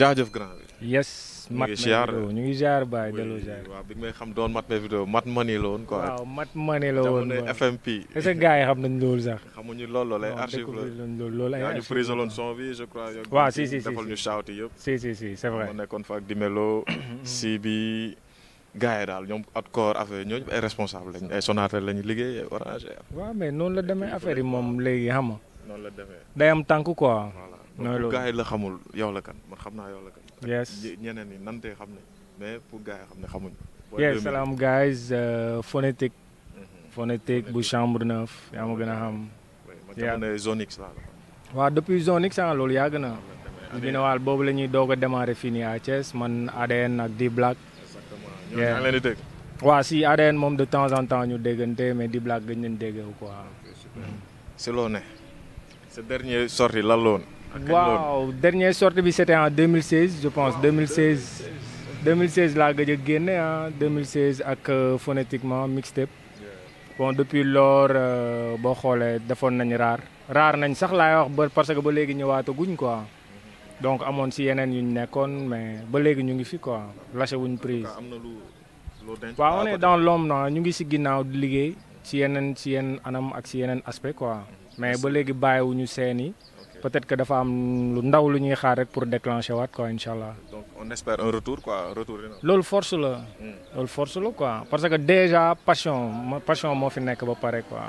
jaajëf grand bi. yes mat ñu ngi jaar baay delloo ziar. waaw bi may xam doon mat ma vidéo mat mani la woon quoi. waaw mat mani la woon jamono FMP. est-ce que gars yi xam nañ loolu sax. xamuñu loolu ay ñu prise loon son bi je crois. waaw si si si defal nekkoon fa ak Dimelo. si bi gars yi daal ñoom at koor affaire ñooñu ay responsable lañ ay Sonatel lañ liggéey ay waaw mais noonu la demee affaire yi moom léegi xam la demee day am tànk quoi. nooy loolu gars yi la xamul yow la kan man xam naa yow la kan. yes ñeneen ñi nante xam ne mais pour gars yi xam ne xamuñ. yes salaam guys euh, phonétique. Mhm. phonétique bu chambre neuf yaa ma gën a xam. yaa ma zone X laa la. waaw depuis zone X ah loolu yàgg na. binawaal boobu la ñuy doog a démarrer fii nii à man ADN ak D Black. exactement ñoom si ADN moom de temps en temps ñu déggante mais D Black gëj nañ déggeewu quoi. si loo ne. sa dernier sortie lan la waaw dernière sortie bi c'était en 2016 je pense 2016 2016 laa gëj a génne ah 2016 ak euh, phonétiquement mixtape bon depuis lors euh, boo xoolee defoon nañ raar raar nañ sax laay wax ba parce que ba léegi ñëwaataguñ quoi mm-hmm. donc amoon si yeneen yu ñu nekkoon mais ba léegi ñu ngi fi quoi lâché wuñ prise. waaw on est dans l'ombre na ah. ñu ngi si ginnaaw di liggéey ci yeneen si yeneen anam ak si yeneen aspect quoi mm-hmm. mais ba léegi bàyyiwuñu seen i peut-être que dafa am lu ndaw lu ñuy xaar rek pour déclencher waat quoi incha allah. donc on espère un retour quoi loolu force la. Hmm. loolu force la quoi parce que déjà passion passion moo fi nekk ba pare quoi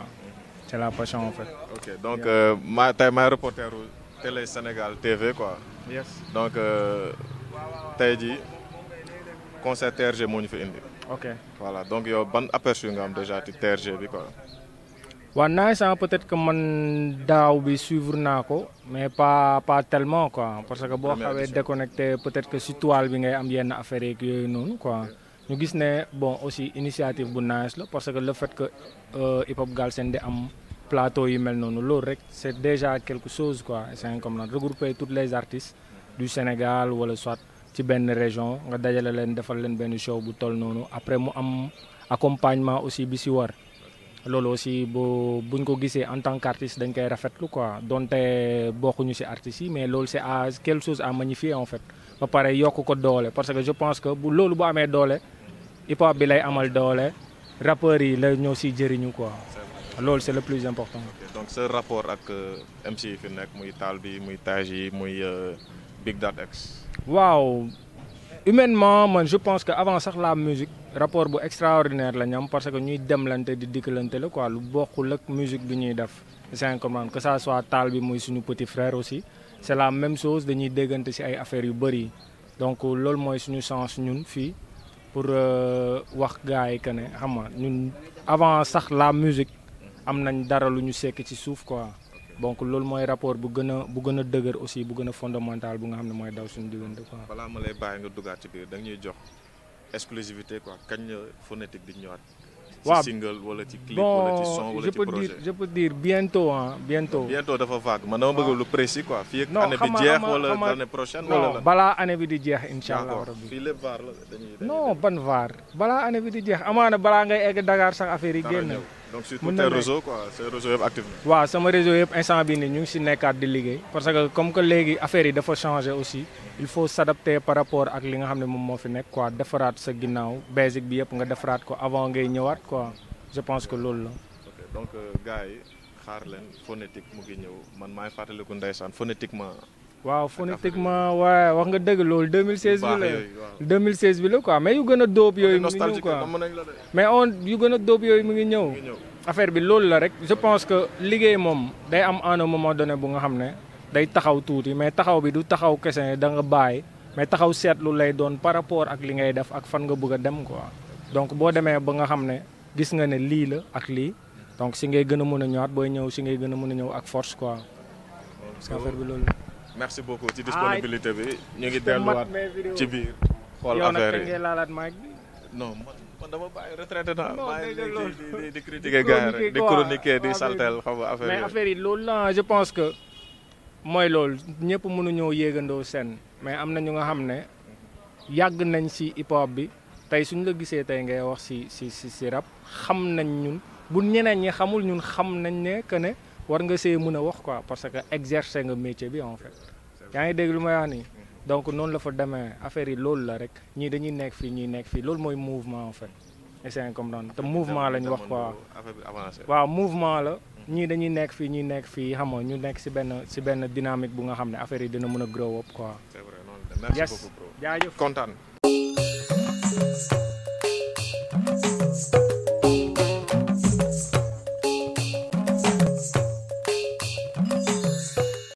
c'est la passion en fait. ok donc euh, ma tey ma reporter télé Sénégal TV quoi. donc euh, tey ji concert TRG moo ñu fi indi. ok voilà donc yow ban aperçu nga am déjà ci TRG bi quoi. waaw naaj ah, sax peut-être que man daaw bi suivre naa ko mais pas pas tellement quoi parce que boo xawee déconnecté peut-être que si toile bi ngay am yenn affaire yeeg yooyu noonu quoi ñu gis ne bon aussi initiative bu naaj la parce que le fait que euh, hip hop seen di am plateau yi mel noonu loolu rek c'est déjà quelque chose quoi c'est comme nag regrouper tous les artistes du Sénégal wala soit ci benn région nga dajale leen defal leen benn show bu toll noonu après mu am accompagnement aussi bi si war loolu aussi bu buñ ko gisee en tant qu'artiste dañ koy rafetlu quoi donte bokkuñu si artistes yi mais loolu c'est à quelque chose à magnifier en fait ba pare yokk ko doole parce que je pense que bu loolu bu amee doole hip bi lay amal doole rappeurs yi la ñëw si jëriñu quoi loolu c'est le plus important. donc ce rapport ak euh, MC yi fi nekk muy taal bi muy Taaj yi muy euh, Big Dad X. waaw humainement man je pense que avant sax la musique. rapport bu extraordinaire la am parce que ñuy demlante di dikkalante la quoi lu bokkul ak musique bi ñuy def c'est comprendre que ça soit taal bi muy suñu petit frère aussi c'est la même chose dañuy déggante ci ay affaires yu bëri donc loolu mooy suñu sens ñun fii pour euh, wax gaa yi que ne xam nga ñun avant sax la musique am nañ dara lu ñu sekk ci suuf quoi donc loolu mooy rapport bu gën a bu gën a dëgër aussi bu gën a bu nga xam ne mooy daw suñu diggante quoi. nga duggaat ci biir da ñuy jox. exclusivité quoi kañ la phonétique di ñëwaat. waaw ci single wala ci clip wala ci son wala ci projet bon je peux dire je peux dire bientôt ah bientôt. dafa vague man dama bëgg lu précis quoi. fii ak année bi jeex wala année prochaine. balaa année bi di jeex incha allah rabbi. fii lépp vaar la dañuy. non ban vaar balaa année bi di jeex amaana balaa ngay egg Dakar sax affaire yi génn. donc sur tous tes réseaux quoi sa réseau yëpp actif na. sama réseau yëpp instant bii nii ñu ngi si nekkaat di liggéey parce que comme que léegi affaire yi dafa changé aussi il faut s'adapter par rapport ak li nga xam ne moom moo fi nekk quoi defaraat sa ginnaaw basique bi yëpp nga defaraat ko avant ngay ñëwaat quoi je pense que loolu la. donc euh, gars yi xaar leen phonétique mu ngi ñëw man maay fàttaliku ndeysaan phonétiquement. waaw phonétiquement waaye wax nga dëgg loolu 2016 bi la 2016 bi la quoi mais yu gën a dóob yooyu mu ngi ñëw quoi mais on yu gën a dóob yooyu mu ngi ñëw affaire bi loolu la rek je pense que liggéey moom day am à un moment donné bu nga xam ne day taxaw tuuti mais taxaw bi du taxaw kese da nga bàyyi mais taxaw seetlu lay doon par rapport ak li ngay def ak fan nga bëgg a dem quoi donc boo demee ba nga xam ne gis nga ne lii la ak lii donc si ngay gën a mën a ñëwaat booy ñëw si ngay gën a mën a ñëw ak force quoi parce que affaire bi merci beaucoup ci disponibilité bi ñu ngi delluwaat ci biir. xool affaire yi yow nag laalaat maag bi. non man man dama bàyyi retraité naa. non di di di di chroniquer di ah, saltel xam affaire yi. loolu la je pense que mooy loolu ñëpp mënuñoo yéegandoo seen mais am na ñu nga xam ne yàgg nañ si hip hop bi tey suñ la gisee tey ngay wax si si si xam nañ ñun bu ñeneen ñi xamul ñun xam nañ ne que ne. war nga see mën a wax quoi parce que exercer nga métier bi en fait yaa ngi dégg lu may wax nii mhm. donc noonu la fa demee affaire yi loolu la rek ñii dañuy nekk fii ñuy nekk fii loolu mooy mouvement en fait essayer comprendre te mouvement lañ wax quoi waaw mouvement la mhm. ñii dañuy nekk fii ñuy nekk fii xam nga ñu nekk si benn si benn dynamique bu nga xam ne affaire yi dina mën a grow up quoi yes jaajëf kontaan